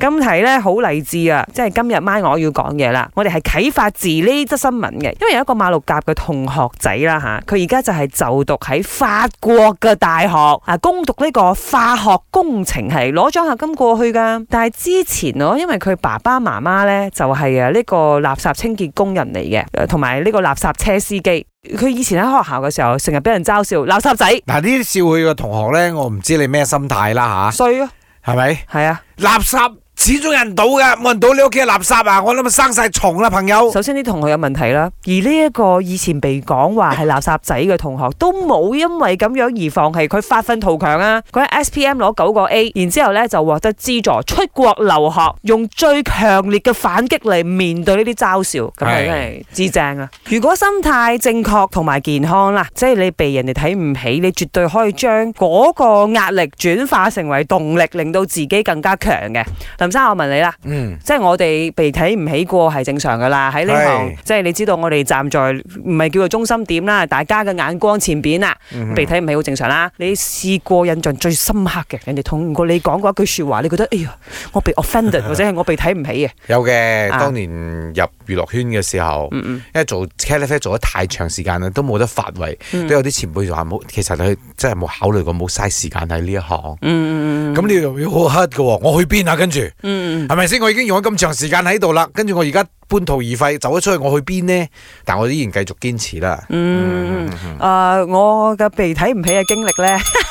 今期咧好勵志啊！即係今日咪我要講嘢啦，我哋係啟發自呢則新聞嘅，因爲有一個馬六甲嘅同學仔啦吓，佢而家就係就讀喺法國嘅大學啊，攻讀呢個化學工程系，攞獎學金過去㗎。但係之前囉、啊，因爲佢爸爸媽媽呢，就係啊呢個垃圾清潔工人嚟嘅，同埋呢個垃圾車司機。佢以前喺學校嘅時候，成日俾人嘲笑垃圾仔。嗱，呢啲笑佢嘅同學呢，我唔知你咩心態啦吓。衰啊，係咪、啊？係啊，垃圾。始終人唔到嘅，冇人倒你屋企垃圾啊！我諗咪生晒蟲啦，朋友。首先啲同學有問題啦，而呢一個以前被講話係垃圾仔嘅同學， 都冇因為咁樣而放棄，佢發奮圖強啊！佢喺 S P M 攞九個 A，然之後咧就獲得資助出國留學，用最強烈嘅反擊嚟面對呢啲嘲笑，咁啊真係至正啊！ 如果心態正確同埋健康啦，即係你被人哋睇唔起，你絕對可以將嗰個壓力轉化成為動力，令到自己更加強嘅。吳生，我問你啦，嗯，即係我哋被睇唔起過係正常噶啦。喺呢行，即係你知道我哋站在唔係叫做中心點啦，大家嘅眼光前面啊，嗯，被睇唔起好正常啦。你試過印象最深刻嘅人哋同過你講過一句説話，你覺得哎呀，我被 offended， 或者係我被睇唔起嘅。有嘅，啊，當年入娛樂圈嘅時候嗯嗯，因為做 catwalk 做得太長時間啦，都冇得發圍，嗯，都有啲前輩就話冇，其實你真係冇考慮過冇嘥時間喺呢一行。咁，嗯，你又要好黑㗎喎，我去邊啊？跟住，嗯，係咪先？我已經用咗咁長時間喺度啦，跟住我而家半途而廢，走咗出去，我去邊呢？但我依然繼續堅持啦。嗯、啊、嗯，呃，我嘅被睇唔起嘅經歷呢。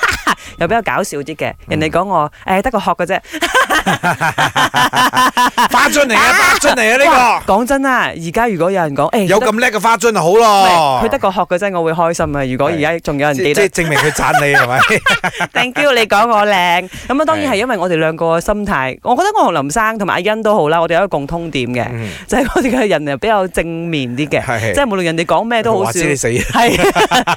又比較搞笑啲嘅，人哋講我誒得個學嘅啫，花樽嚟嘅，花樽嚟嘅呢個。講真啦，而家如果有人講誒，有咁叻嘅花樽就好咯，佢得個學嘅啫，我會開心啊。如果而家仲有人記得，即係證明佢讚你係咪？Thank you，你講我靚咁啊，當然係因為我哋兩個嘅心態，我覺得我同林生同埋阿欣都好啦，我哋有一個共通點嘅，就係我哋嘅人又比較正面啲嘅，即係無論人哋講咩都好，或者你死，係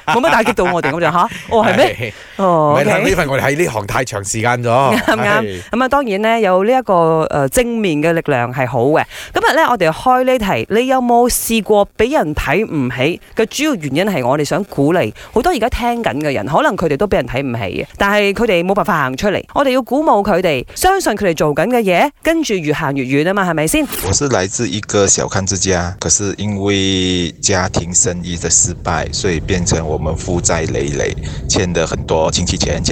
冇乜打擊到我哋咁就嚇哦，係咩？哦。因為我哋喺呢行太長時間咗，啱咁啊，當然呢，有呢、這、一個誒、呃、正面嘅力量係好嘅。今日呢，我哋開呢題，你有冇試過俾人睇唔起嘅主要原因係我哋想鼓勵好多而家聽緊嘅人，可能佢哋都俾人睇唔起，但係佢哋冇辦法行出嚟。我哋要鼓舞佢哋，相信佢哋做緊嘅嘢，跟住越行越遠啊嘛，係咪先？我是來自一個小康之家，可是因為家庭生意的失敗，所以變成我們負債累累，欠得很多親戚錢，